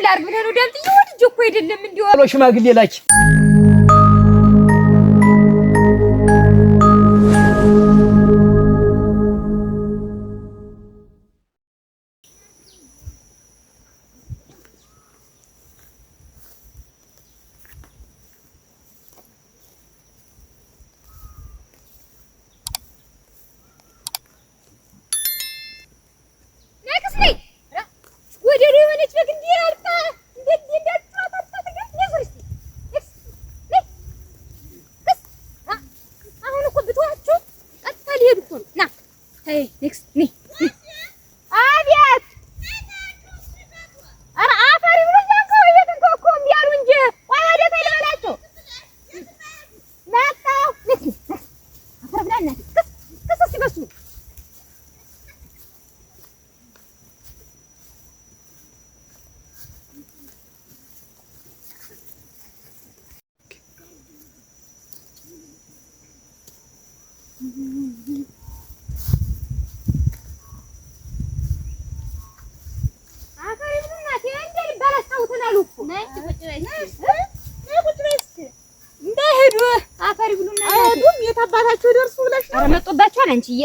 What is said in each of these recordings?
ምን ላድርግ ብለህ ነው ዳምጥዬ? ወድጄ እኮ አይደለም እንዲሁ ሽማግሌ ላኪ Ay, next, ni. አንቺዬ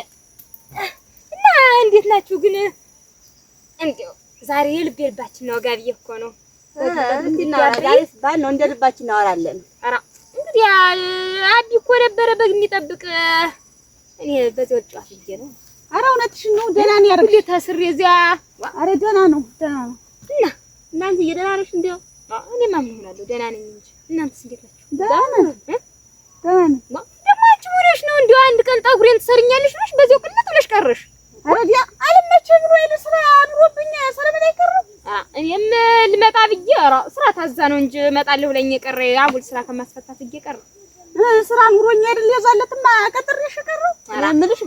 እና እንዴት ናችሁ ግን? እንዴው ዛሬ የልብ የልባችን ነው ጋብዬ እኮ ነው ባል ነው እንደ ልባችን እናወራለን። እንግዲህ አቢ እኮ ነበረ በግ የሚጠብቅ እኔ በዚህ ወጣ ነው። እውነትሽን ነው። ደህና ነው ሁሌ እዚያ። ደህና ነው ደህና ነው። እና ነሽ? እንዴው እኔ ማምን ሆናለሁ ደህና ነኝ እንጂ እናንተስ እንዴት ናችሁ? ደህና ደህና ሆነሽ ነው እንዲያው አንድ ቀን ጠጉሬን ትሰርኛለሽ ብለሽ በዚያው ቅልጥ ብለሽ ቀረሽ። ወዲያ አልመቸኝ ብሎ የለ ስራ አምሮብኝ ሰለምን አይቀርም። እኔም ልመጣ ብዬ ኧረ ስራ ታዛ ነው እንጂ እመጣለሁ ብለኝ የቀረ አጉል ስራ ከማስፈታት ብዬ ቀረ ስራ አምሮኝ አይደል የዛለትማ ቀጥሬሽ ቀረው። ኧረ የምልሽ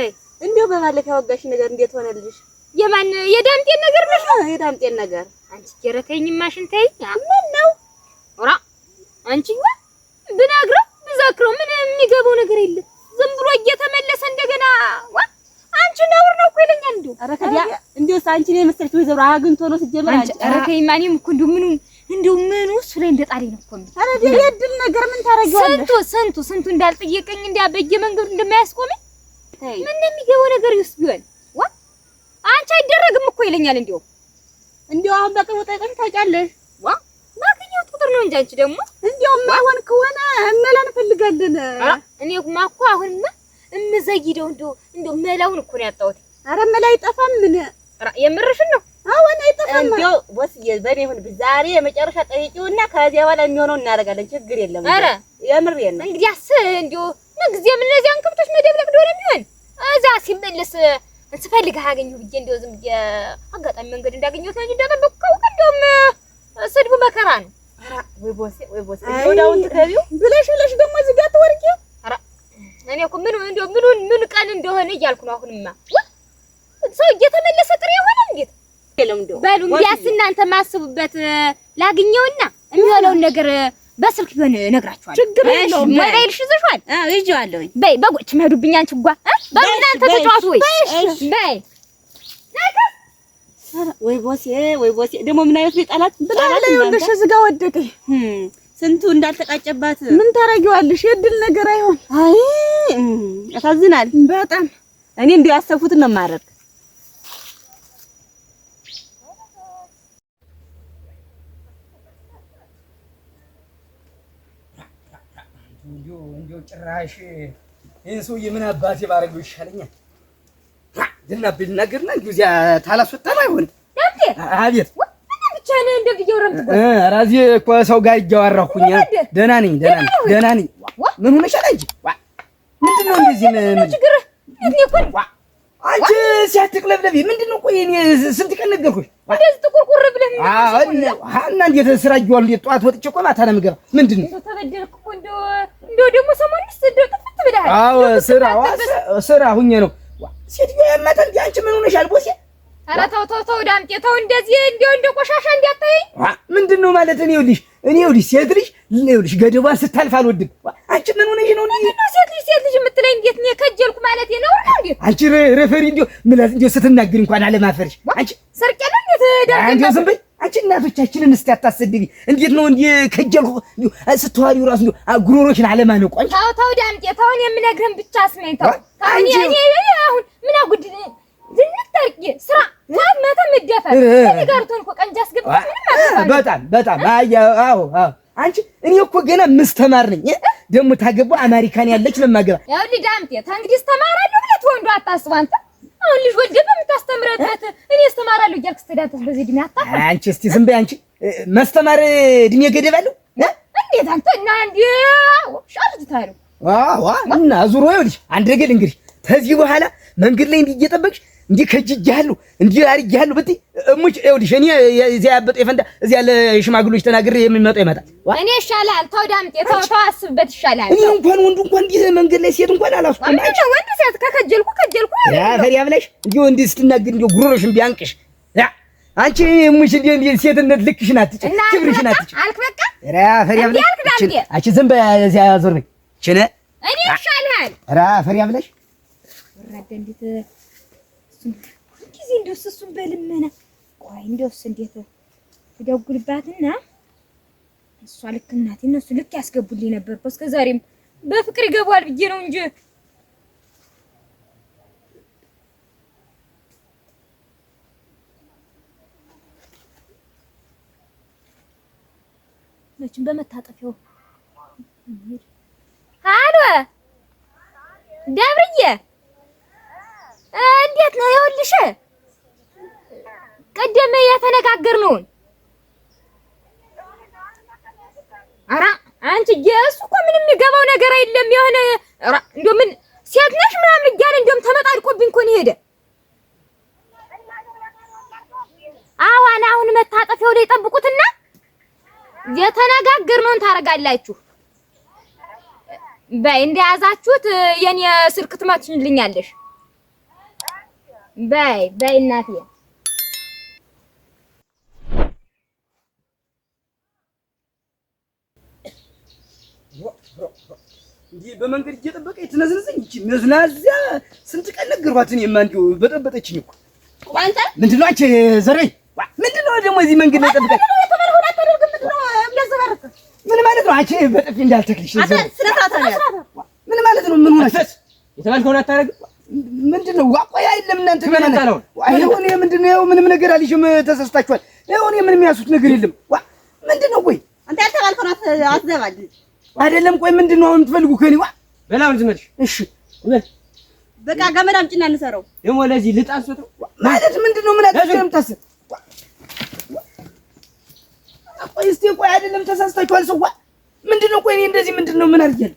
አይ እንዲያው በባለፈ ያወጋሽ ነገር እንዴት ሆነልሽ? የማን የዳምጤን ነገር ነሽ? የዳምጤን ነገር አንቺ ማሽን ሽንተይ ምን ነው ኧረ አንቺ የሚገባው ነገር የለም። ዝም ብሎ እየተመለሰ እንደገና አንቺ ነውር ነው እኮ ይለኛል። እንደው ኧረ ከዲያ እንደውስ አንቺ ነው የመሰለች ወይዘሮ አግኝቶ ነው ሲጀመር። አንቺ ኧረ ከይማ እኔም እኮ እንደው ምኑ እንደው ምኑ እሱ ላይ እንደ ነው እኮ ኧረ የድል ነገር ምን ታደርጊዋለሽ? ስንቱ ስንቱ ስንቱ እንዳልጠየቀኝ እንዲያ በየመንገዱ እንደማያስቆመኝ ምን የሚገባው ነገር ይውስ ቢሆን ዋ አንቺ አይደረግም እኮ ይለኛል። እንደው እንደው አሁን በቅርቡ ጠይቀሽ ታውቂያለሽ? ዋ ማግኘት ቁጥር ነው እንጂ አንቺ ደግሞ እንደው የማይሆን ከሆነ መላ እንፈልጋለን። እኔማ እኮ አሁንማ እምዘይደው እንደው እንደው መላውን እኮ ነው ያጣሁት። ኧረ መላ አይጠፋም። ምን የምርሽን ነው? አሁን አይጠፋም። እንደው ወስዬ በኔ ይሁን ዛሬ የመጨረሻ ጠይቂውና ከዚያ በኋላ የሚሆነው እናደርጋለን። ችግር የለም። ኧረ የምሬን ነው። እንግዲህ እንደው ምንጊዜም እነዚያን ከብቶች መደብለቅ እንደሆነ የሚሆን እዛ ሲመለስ ስፈልግህ አገኘሁ ብዬ እንደው ዝም ብዬ አጋጣሚ መንገድ እንዳገኘሁት ነው እንጂ እንዳጠበቅከው እንደውም ስድቡ መከራ ነው። ብለሽ ደግሞ እዚህ ጋር ትወርቂ። እኔ እኮ ምን ምኑን ምን ቀን እንደሆነ እያልኩ ነው። አሁንማ ሰው እየተመለሰ ጥሬ የሆነ እንዴት በሉ እንዲያስ እናንተ ማስቡበት ላግኘውና የሚሆነውን ነገር በስልክ ቢሆን እነግራችኋለሁ። ችግር የለውም። ሞባይልሽ ይዘሽዋል? አዎ ይዤዋለሁ። በይ በጎች መሄዱብኝ። አንቺ ጓ በሉ እናንተ ተጫወቱ ወይ በይ ወይ ቦሴ ወይ ቦሴ ደግሞ ምን አይነት ቢጣላት ብጣላት ይኸውልሽ እዚህ ጋር ወደቀ ስንቱ እንዳልተቃጨባት ምን ታረጊዋለሽ የድል ነገር አይሆን አይ ያሳዝናል በጣም እኔ እንዲያው ያሰብኩትን ነው የማደርግ እንዲያው ጭራሽ ይሄን ሰውዬ ምን አባቴ ባደርገው ይሻለኛል ዝናብኝ ነገር ነው እንጂ እዚያ ታላስወጣም አይሆንም። አቤት ኧረ እዚህ እኮ ሰው ጋር እያወራሁኝ ደህና ነኝ፣ ደህና ነኝ። ምን ሆነሻል አንቺ? ምንድን ነው እንደዚህ? አንቺ ሲያትቅለብለቢ ምንድን ነው? ቆይ እኔ ስንት ቀን ነገርኩሽ? እና እንዴት ስራ እየዋሉ እንዴት ጠዋት ወጥቼ እኮ ማታ ነው የምገባ። ምንድን ነው ተበደልኩ። እንደው ደግሞ ሰሞኑን ስራ ሁኜ ነው ሆነሻል ቦሴ። ኧረ ተው ተው ተው ዳምጤ ተው፣ እንደዚህ እንደው እንደ ቆሻሻ እንዲያታየኝ ምንድን ነው ማለት? እኔ ይኸውልሽ እኔ ይኸውልሽ ሴት ልጅ ይኸውልሽ ገደቧን ስታልፍ አልወድም። አንቺ ምን ሆነሽ ነው እንዴ? ሴት ልጅ ሴት ልጅ የምትለኝ እንዴት ነው? ከጀልኩ ማለት ነው እንዴ? አንቺ ሬፈሪ እንዴ ምላስ እንዴ ስትናገር እንኳን አለማፈርሽ አንቺ ሰርቄ ነው እንዴት ዳምጤ? አንቺ ዝም በይ አንቺ እናቶቻችንን እስቲ አታሰድቢ። እንዴት ነው እንዴ ከጀልኩ ስትዋሪው ራሱ እንዴ ጉሮሮሽን አለማነቁ። አንቺ ተው ተው ዳምጤ ተው፣ የምነግርህን ብቻ አስመኝ ተው። ታኔ እኔ አሁን ምን አጉድ በጣም በጣም አዎ፣ አንቺ እኔ እኮ ገና ምስተማር ነኝ። ደግሞ ታገባ አሜሪካን ያለች ለማገባ ያው ዳምጤ ተንግዲህ እስተማራለሁ ብለህ ወንዱ አታስብ አንተ። አሁን ልጅ ወልደህ በምታስተምረበት እኔ እስተማራለሁ እያልክ ስትሄዳተስ በዚህ እድሜ አታውቅም። አንቺ እስቲ ዝም በይ አንቺ። መስተማር እድሜ ገደብ አለው እንዴት አንተ? እና እንዴ ሻርጅታለሁ። አዎ እና ዙሮ ይኸውልሽ አንድ ነገር እንግዲህ ከዚህ በኋላ መንገድ ላይ እንዲህ እንዲህ ከጅጅሃሉ እንዲህ አርጅሃሉ ብቲ እሙች ይኸውልሽ፣ እኔ እዚያ ያበጠ የፈንዳ እዚያ ለሽማግሎች ተናግሬ የሚመጣው ይመጣል። እኔ ይሻላል፣ ተው ዳምጤ፣ ተው ተው፣ አስብበት ይሻላል። እኔ እንኳን ወንዱ እንኳን እንዲህ መንገድ ላይ ሴት እንኳን አላስቆም። አንቺ ወንድ ሴት ከከጀልኩ ከጀልኩ ያ ፈሪያ ብለሽ እንዲህ ወንድ ስትናገር እንዲህ ጉሮሮሽን ቢያንቅሽ ያ አንቺ እሙሽ እንዲህ እንዲህ ሴትነት ልክሽን አትጭ፣ ክብርሽን አትጭ አልክ። በቃ ያ ፈሪያ ብለሽ አንቺ ዝም በይ፣ እዚያ ዞር በይ። እኔ ይሻልሃል ራ ፈሪያ ብለሽ ወራደ እንዴት ጊዜ እንደው እሱን በልመና ቆይ እንደውስ እንዴት ትደውልባትና እሷ ልክ እናቴ እነሱ ልክ ያስገቡልኝ ነበር እኮ እስከ ዛሬም በፍቅር ይገባዋል ብዬ ነው እንጂ መቼም በመታጠፊያው አሎ ደብርዬ እንዴት ነው? ይኸውልሽ ቅድም የተነጋገርነውን ኧረ አንቺ እሱ እኮ ምንም የሚገባው ነገር የለም። የሆነ እንደው ምን ሴት ነሽ ምናምን እያለ እንደውም ተመጣድቆብኝ እኮ ነው የሄደ። አዋን አሁን መታጠፊያው ላይ ጠብቁትና የተነጋገርነውን ታደርጋላችሁ። በይ እንደያዛችሁት የኔ ስልክ ትመትሽልኛለሽ። በይ በይ እናቴ እንዲህ በመንገድ እየጠበቀ የተነዝነዘኝ እቺ መዝናዚያ ስንት ቀን ነገርኳት። እኔማ እንዲሁ በጠበጠችኝ እኮ አንተ ምንድን ነው አንቺ ዘረኝ። ምንድን ነው ደግሞ እዚህ መንገድ ላይ ጠብቀኝ። ምን ማለት ነው አንቺ በጥፊ እንዳልተክልሽ ምን ማለት ነው? ምን ሆነሽ የተባልከውን አታደርግም ምንድን ነው አቆያ የለም እናንተ ምንጣለው ምንድን ነው ምንም ነገር አልሽም ተሰስታችኋል ይሁን ምንም ያሱት ነገር የለም ምንድን ነው ቆይ አንተ ያልተባልከው አትዘባል አይደለም ቆይ ምንድን ነው የምትፈልጉ ከኔ ዋ በላውን ዝመልሽ እሺ በቃ ገመድ አምጪና እንሰራው ደግሞ ለዚህ ልጣንሶት ማለት ምንድን ነው ምን አትችልም ታስ ቆይ እስቲ ቆይ አይደለም ተሰስታችኋል ሰዋ ምንድን ነው ቆይ እኔ እንደዚህ ምንድን ነው ምን አድርጌያለሁ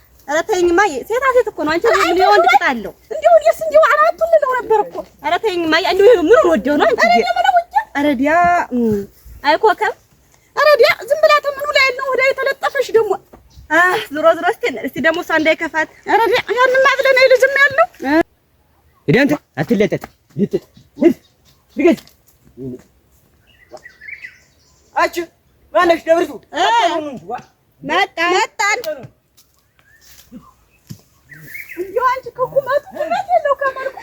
ተይኝማ ሴታ ሴት እኮ ነው። አንቺ ምን የወንድ ቅጥ እንዴው እንዲሁ እኔስ እንዲሁ አራቱ ልለው ነበር እኮ። ኧረ ተይኝማ እንዲሁ ምኑን ወደው ነው አንቺ? ኧረ ዲያ አይኮከም። ኧረ ዲያ ዝም ብላ ተምኑ ላይ ነው ወደ የተለጠፈሽ ደግሞ ዝሮ ዝሮ እስቲ እስቲ ደግሞ እሷ እንዳይከፋት። ኧረ ዲያ ያንማ ነው ልጅም ያለው ሂድ አንተ አትለጠጥ ልጥጥ ልጥ ልገጭ አቺ ማነሽ ደብርቱ መጣን መጣን እንደው አንቺ ከቁመቱ ቁመት የለው ከመልኩ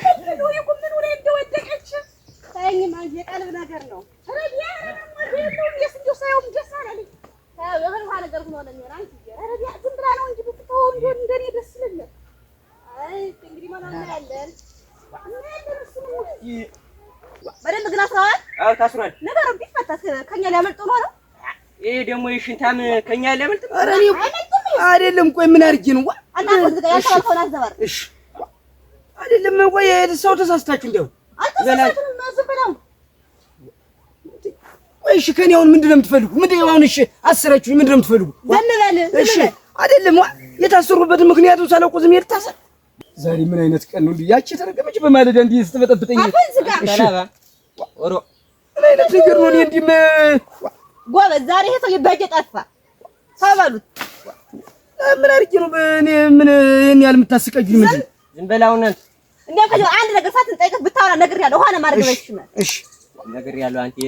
ምን ውሬ እንደወደቀች ተይኝማ፣ የቀልብ ነገር ነው። እንደው ሳይሆን ደስ አላለኝ። በደንብ ግን አስረዋል። አዎ ታስሯል። ነገሩ ቢፈታስ ከእኛ ሊያመልጥ ነው ነው ይሄ ደግሞ የሽንታም ከእኛ ሊያመልጥ አይደለም። ቆይ ምን አድርጌ ነው አይደለም ወይ ሰው ተሳስታችሁ እንደው እሺ ከኔ አሁን ምንድን ነው የምትፈልጉ? ምንድን ነው አሁን? እሺ አስራችሁ ምንድን ነው የምትፈልጉ? እሺ አይደለም የታሰሩበት ምክንያቱ ሳላውቁ ዝም የታሰር ዛሬ ምን አይነት ቀን ነው? ያቺ ተረገመች በማለዳ እንዲህ ስትበጠብጠኝ፣ እሺ ወሮ ምን አይነት ነገር ነው? እንዲህ ጎበዝ፣ ዛሬ ይሄ ሰው ይባጀ ጠፋ ተበሉት ምን አድርጌ ነው እኔ ምን እኔ ያህል የምታስቀጅኝ ምንድን ዝም በል አሁን እንዲያውም አንድ ነገር ሳትጠይቀህ ብታወራ ነግሬሃለሁ ኋላ ማድረግ በሽመ እሺ ነግሬሃለሁ አንተ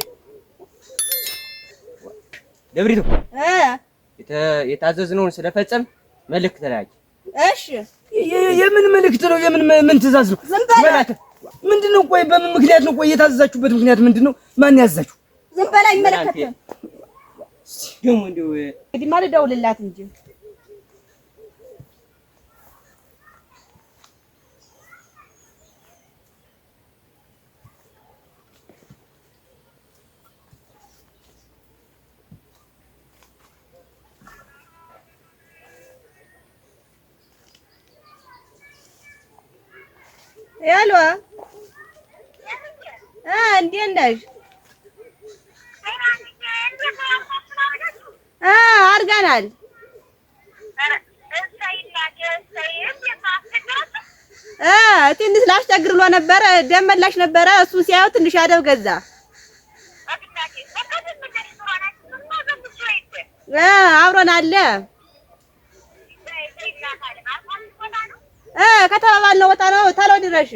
ደብሪቱ እ የታዘዝነውን ስለፈጸም መልዕክት ተላክ እሺ የምን መልዕክት ነው የምን ምን ትእዛዝ ነው መላክ ምንድን ነው ቆይ በምን ምክንያት ነው ቆይ የታዘዛችሁበት ምክንያት ምንድን ነው ማን ያዘዛችሁ ዝም በል አይመለከትም ደግሞ እንደው እንግዲህ ማለት ደውልላት እንጂ ያሏ እንዴት ነሽ? አድርገናል። ትንሽ ላስቸግር ብሎ ነበረ። ደም መላሽ ነበረ። እሱ ሲያየው ትንሽ አደብ ገዛ። አብሮን አለ ከተማ ከተባባልነው ወጣ ነው። ተለው ድረሽ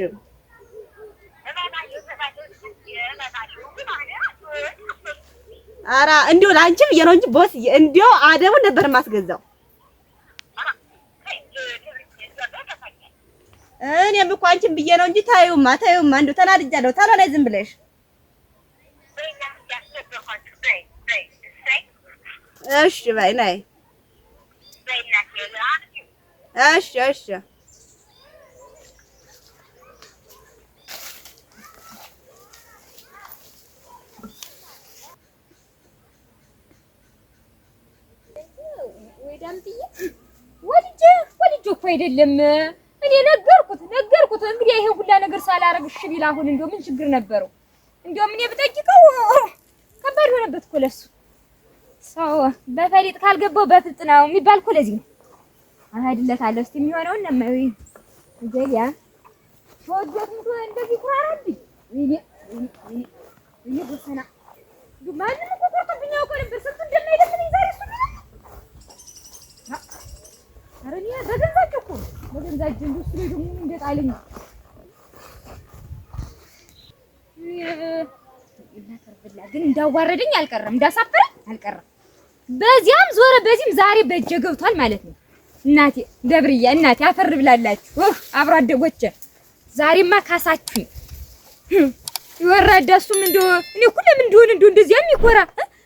ኧረ እንዲሁ ለአንቺ ብዬ ነው እንጂ ቦስ እንዲሁ አደቡን ነበር የማስገዛው። እኔም እኮ አንቺን ብዬ ነው እንጂ ታዩማ፣ ታዩማ እንዲሁ ተናድጃለሁ። ተለው ላይ ዝም ብለሽ እሺ በይ ነይ። እሺ እሺ ዳምጥዬ ወልጄ ወልጄ እኮ አይደለም እኔ ነገርኩት ነገርኩት። እንግዲህ ይሄ ሁላ ነገር ሳላረግ እሺ ቢል አሁን እንደው ምን ችግር ነበረው? እንደውም እኔ ብጠይቀው ከባድ ሆነበት እኮ ለሱ። ሰው በፈሊጥ ካልገባው በፍልጥ ነው የሚባል እኮ ለዚህ ነው። አሃድለት አለ እስቲ የሚሆነውን ነማይ ጀያ ምቶ እንደዚህ ኮራራቢ ይሄ ይሄ ይሄ ማንም እኮ ቆርጦብኝ አውቀው ነበር ስንቱ እንደማይደፍን ዛሬ እሱ እንዳዋረደኝ አልቀረም፣ እንዳሳፈረኝ አልቀረም። በዚያም ዞረ በዚህም ዛሬ በእጄ ገብቷል ማለት ነው። እናቴ ደብርያ እናቴ አፈር ብላላችሁ አብሮ አደጎቼ፣ ዛሬማ ካሳችሁኝ። ይወራዳ እሱም እንደው እኔ እኮ እንደሆነ እንደው እንደዚያ የሚኮራ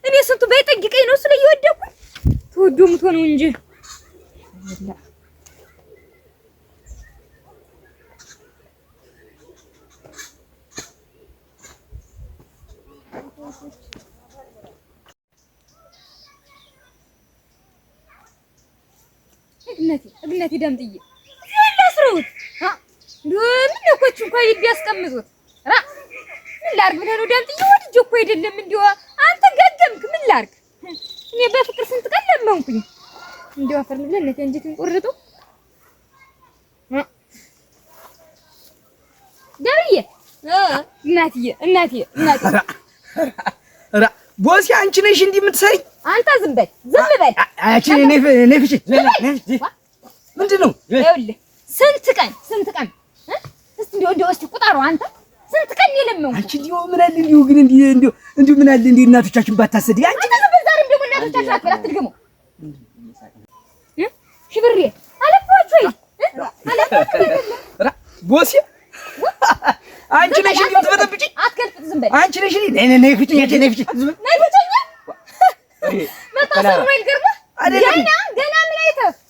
እኔ ስንቱ ባይጠይቀኝ ነው እሱ ላይ ተወዶ ሙቶ ነው እንጂ አይበላም። እግነቴ ደምጥዬ ላስረውት ምን ኮች እንኳ ቢያስቀምጡት ምን ብለህ ነው ደምጥዬ? ወድጄ እኮ አይደለም አንተ ገገምክ። ምን እኔ በፍቅር ስንት ቀን ለመንኩኝ። እንዲያው አፈር ልብለን ለፈንጂትን ቆርጡ። ገብርዬ እናትዬ እናትዬ እናትዬ ራ ቦስ አንቺ ነሽ እንዲህ የምትሰሪ አንተ ዝም በል ዝም በል አቺ ነፍ ነፍሽ ነሽ ምንድን ነው ይኸውልህ ስንት ቀን ስንት ቀን እስቲ እንዲያው እንዲያው እስቲ ቁጠሩ አንተ ስንት ቀን የለመንኩ አንቺ እንዲያው ምን አለ እንዲያው ግን እንዲያው እንዲያው ምን አለ እንዲህ እናቶቻችን ባታሰድ አንቺ ዛሬም ደግሞ እናቶቻችን አትበል አትድገመው አንቺ ነሽ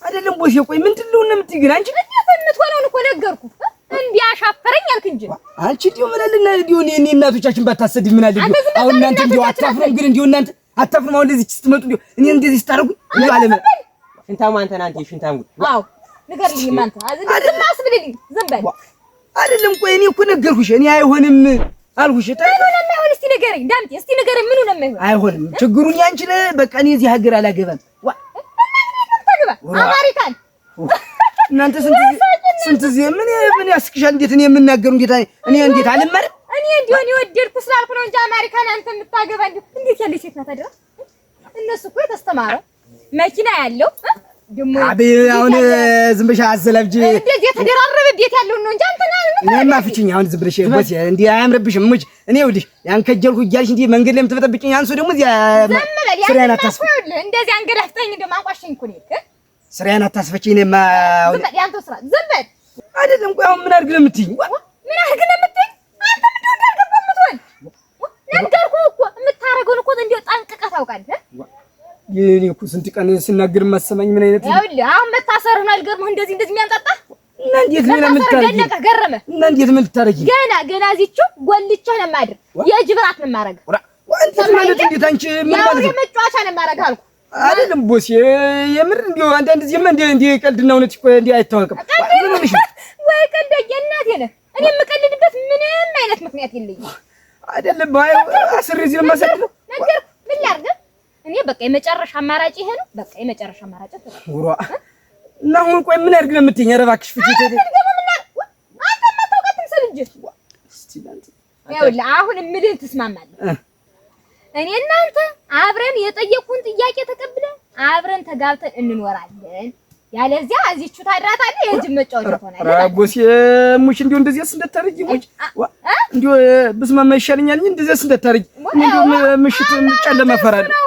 አይደለም ቦሽ፣ ቆይ ምንድን ነው የምትይ ግን? አንቺ የምትሆነውን እኮ ነገርኩህ። እንዲህ አሻፈረኝ አልክ እንጂ አንቺ እንዲሁ ምን አለ እንዲሁ እኔ እናቶቻችን ባታሰድብ ምን አለ። አሁን እናንተ እንዲሁ አታፍሩም? ግን እንዲሁ እናንተ አታፍሩም? አሁን እንደዚህ ስትመጡ እንዲሁ እኔ እንደዚህ ስታደርጉኝ እንዲሁ አለ ሽንታም አንተ ነህ አንተ ሽንታም ጉድ። ንገርልኝ፣ አንተ ዝም አስብልልኝ፣ ዝም በል አይደለም። ቆይ እኔ እኮ ነገርኩሽ እኔ አይሆንም አልሁሽ። ምኑ ነው የማይሆን? እስቲ ንገረኝ ዳምጤ፣ እስቲ ንገረኝ። ምኑ ነው የማይሆን? አይሆንም። ችግሩን ያንቺ ነህ። በቃ እኔ እዚህ ሀገር አላገባም። አሜሪካን እናንተ ስንት ጊዜ ምን ምን ያስቅሻል? እንዴት እኔ የምናገሩ እንዴት እኔ እንዴት አልመርም። እኔ እንዲሆን የወደድኩ ስላልኩ ነው እንጂ አሜሪካን አንተ የምታገባ እንዴት ያለች ሴት ናት? ታዲያ እነሱ እኮ የተስተማረ መኪና ያለው አሁን ዝም ብለሽ አዘለብጂ እንደዚህ የተደራረበ ቤት ያለው ነው እንጂ አንተና እኔማ ፍቺኝ። አሁን ዝም ብለሽ ወስ እንዲህ አያምርብሽም። እሙች እኔ ይኸውልሽ ያን እያልሽ እንዲህ መንገድ ላይ የምትበጠብቂኝ አንሱ ደግሞ እዚያ ስራዬን አታስፈ እንደዚህ አንገዳፍጠኝ እንደማቋሽኝ እኮ ነው። ስራዬን አታስፈቺ። እኔማ ዝም በል ያንተው ስራ ዝም በል አይደለም። ቆይ አሁን ምን አድርግ ነው የምትይኝ? ምን አድርግ ነው የምትይኝ? አንተ ምን እንደሆነ አልገባም። የምትሆን ነገርኩህ እኮ የምታረገውን እኮ እንዲሁ ጠንቅቀህ ታውቃለህ። የኔ እኮ ስንት ቀን ስናገር ማሰማኝ ምን አይነት ይኸውልህ፣ አሁን ነው አልገርምህ እንደዚህ እንደዚህ የሚያንጣጣ እና እንዴት ምን የምታረጊ ገረመ እና እንዴት ምን ልታረጊ ገና ገና እዚቹ ጎልቻ ነው ማድር የጅብራት ነው ማረግ ወንት ማለት እንዴት አንቺ ምን ማለት ነው መጫወቻ ነው ማረግ አልኩ አይደለም ቦስ፣ የምር እንደው አንዳንድ ጊዜማ እንደ እንደ ቀልድና እውነት እኮ እንዴ አይታወቅም። ወይ ቀልደኛ እናቴ ነህ። እኔ የምቀልድበት ምንም አይነት ምክንያት የለኝም። አይደለም ባይ አስር ጊዜ ለማሰጥ ነገር ምን ላድርግ እኔ በቃ የመጨረሻ አማራጭ ይሄ ነው። በቃ የመጨረሻ አማራጭ ተራ እና አሁን ቆይ ምን አድርግ ነው የምትይኝ? ኧረ እባክሽ ፍቺ ተይ። አሁን የምልህን ትስማማለህ? እኔ እናንተ አብረን የጠየቁን ጥያቄ ተቀብለን አብረን ተጋብተን እንኖራለን። ያለዚያ እዚቹ ታድራታለህ። የጅብ መጫወቻ ትሆናለህ። ራጎስ ሙሽ እንዲሁ እንደዚያስ እንደታረጂ ሙሽ እንዲሁ ብስማማ ይሻለኛል እንጂ እንደዚያስ እንደታረጂ ምሽት ጨለማ እፈራለሁ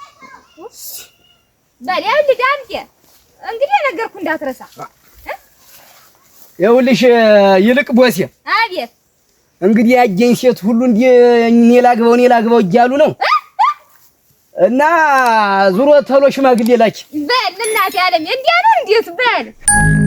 በል ይኸውልህ ዳምጤ እንግዲህ የነገርኩህ እንዳትረሳ። ይኸውልሽ ይልቅ ቦሴ። አቤት። እንግዲህ ያየኝ ሴት ሁሉ እንዲህ እኔ ላግባው እኔ ላግባው እያሉ ነው እና ዙሮ ተሎ ሽማግሌ ላኪ በል። እናቴ ዓለም እንዲያ ነው እንዴት በል